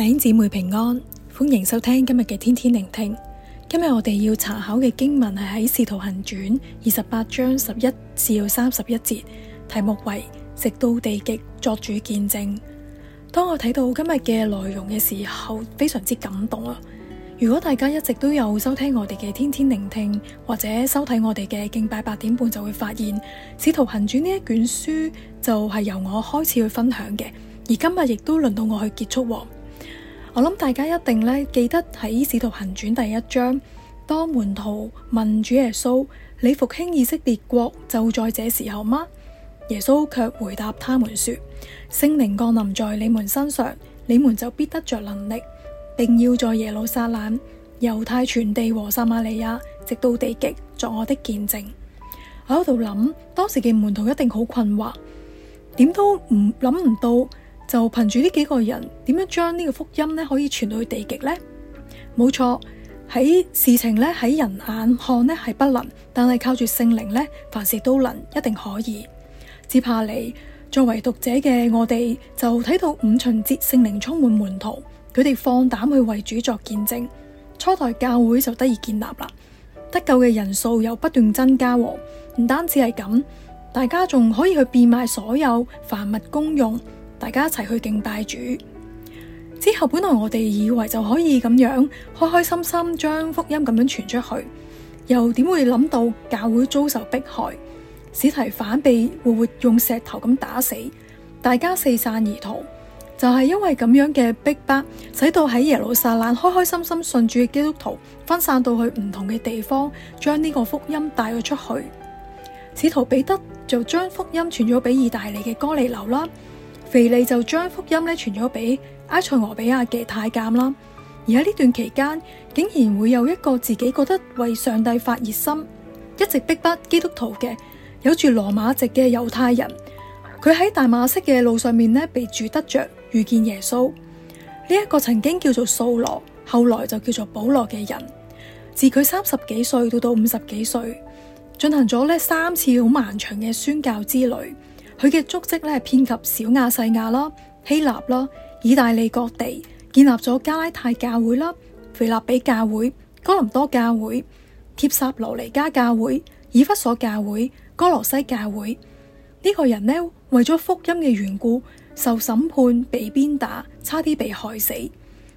弟兄姊妹平安，歡迎收聽今日嘅天天聆聽。今日我哋要查考嘅經文係喺《使徒行傳》二十八章十一至到三十一節，題目為《直到地極作主見證》。當我睇到今日嘅內容嘅時候，非常之感動啊！如果大家一直都有收聽我哋嘅天天聆聽，或者收睇我哋嘅敬拜八點半，就會發現《使徒行傳》呢一卷書就係由我開始去分享嘅，而今日亦都輪到我去結束。我諗大家一定咧記得喺《使徒行傳》第一章，當門徒問主耶穌：你復興以色列國就在這時候嗎？耶穌卻回答他們說：聖靈降臨在你們身上，你們就必得着能力，並要在耶路撒冷、猶太全地和撒瑪利亞，直到地極，作我的見證。我喺度諗，當時嘅門徒一定好困惑，點都唔諗唔到。就憑住呢幾個人點樣將呢個福音呢可以傳到去地極呢？冇錯，喺事情呢，喺人眼看呢係不能，但係靠住聖靈呢，凡事都能，一定可以。接下嚟，作為讀者嘅我哋就睇到五旬節，聖靈充滿門徒，佢哋放膽去為主作見證，初代教會就得以建立啦。得救嘅人數又不斷增加。哦，唔單止係咁，大家仲可以去變賣所有凡物公用。大家一齊去敬拜主。之後，本來我哋以為就可以咁樣開開心心將福音咁樣傳出去，又點會諗到教會遭受迫害，司提反被活活用石頭咁打死，大家四散而逃，就係因為咁樣嘅逼迫，使到喺耶路撒冷開開心心信主嘅基督徒分散到去唔同嘅地方，將呢個福音帶咗出去。使徒彼得就將福音傳咗俾意大利嘅哥尼流啦。腓利就將福音咧傳咗俾埃塞俄比亞嘅太監啦，而喺呢段期間，竟然會有一個自己覺得為上帝發熱心，一直逼迫基督徒嘅有住羅馬籍嘅猶太人，佢喺大馬色嘅路上面呢，被住得着遇見耶穌，呢、這、一個曾經叫做掃羅，後來就叫做保羅嘅人，自佢三十幾歲到到五十幾歲，進行咗呢三次好漫長嘅宣教之旅。佢嘅足跡咧遍及小亞細亞啦、希臘啦、意大利各地，建立咗加拉太教會啦、腓立比教會、哥林多教會、帖撒羅尼加教會、以弗所教會、歌羅西教會。呢、這個人呢，為咗福音嘅緣故，受審判、被鞭打、差啲被害死，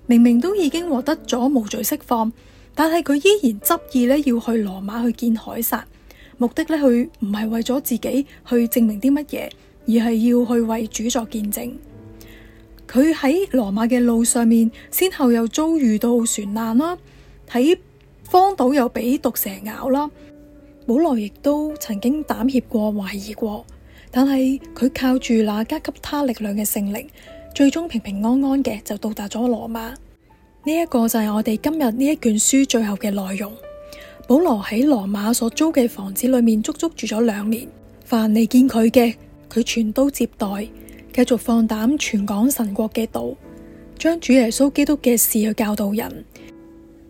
明明都已經獲得咗無罪釋放，但係佢依然執意咧要去羅馬去見凱撒。目的呢，佢唔係為咗自己去證明啲乜嘢，而係要去為主作見證。佢喺羅馬嘅路上面，先後又遭遇到船難啦，喺荒島又俾毒蛇咬啦。保羅亦都曾經膽怯過、懷疑過，但係佢靠住那加給他力量嘅聖靈，最終平平安安嘅就到達咗羅馬。呢、這、一個就係我哋今日呢一卷書最後嘅內容。保羅喺羅馬所租嘅房子裏面足足住咗兩年，凡你見佢嘅，佢全都接待，繼續放膽傳講神國嘅道，將主耶穌基督嘅事去教導人。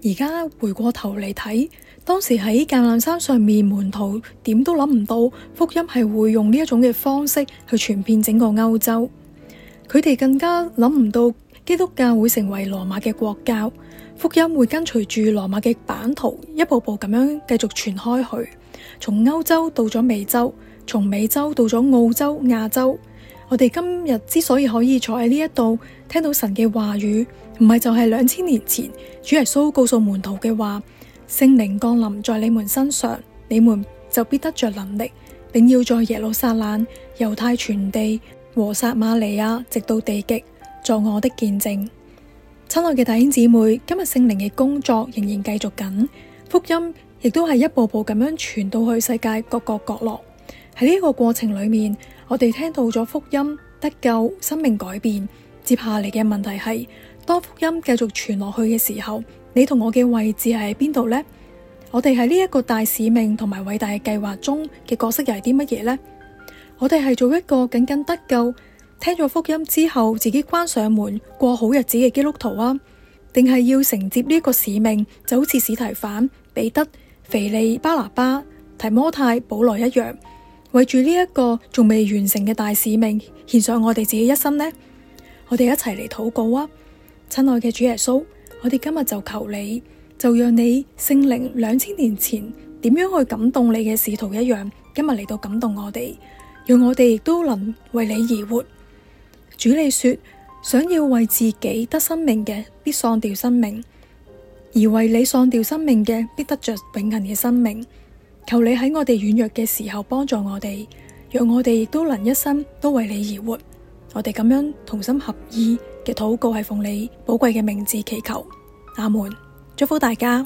而家回過頭嚟睇，當時喺橄欖山上面，門徒點都諗唔到福音係會用呢一種嘅方式去傳遍整個歐洲，佢哋更加諗唔到。基督教會成為羅馬嘅國教，福音會跟隨住羅馬嘅版圖，一步步咁樣繼續傳開去，從歐洲到咗美洲，從美洲到咗澳洲、亞洲。我哋今日之所以可以坐喺呢一度聽到神嘅話語，唔係就係兩千年前主耶穌告訴門徒嘅話：聖靈降臨在你們身上，你們就必得着能力，並要在耶路撒冷、猶太全地和撒瑪利亞，直到地極。作我的見證。親愛嘅弟兄姊妹，今日聖靈嘅工作仍然繼續緊，福音亦都係一步步咁樣傳到去世界各個角落。喺呢個過程裏面，我哋聽到咗福音得救、生命改變。接下嚟嘅問題係，當福音繼續傳落去嘅時候，你同我嘅位置係喺邊度咧？我哋喺呢一個大使命同埋偉大嘅計劃中嘅角色又係啲乜嘢咧？我哋係做一個僅僅得救、聽咗福音之後，自己關上門過好日子嘅基督徒啊，定係要承接呢個使命，就好似司提反、彼得、腓利、巴拿巴、提摩太、保羅一樣，為住呢一個仲未完成嘅大使命，獻上我哋自己一生呢？我哋一齊嚟禱告啊！親愛嘅主耶穌，我哋今日就求你，就讓你聖靈兩千年前點樣去感動你嘅使徒一樣，今日嚟到感動我哋，讓我哋亦都能為你而活。主你說，想要為自己得生命嘅，必喪掉生命；而為你喪掉生命嘅，必得着永恆嘅生命。求你喺我哋軟弱嘅時候，幫助我哋，讓我哋亦都能一生都為你而活。我哋咁樣同心合意嘅禱告係奉你寶貴嘅名字祈求，阿門！祝福大家。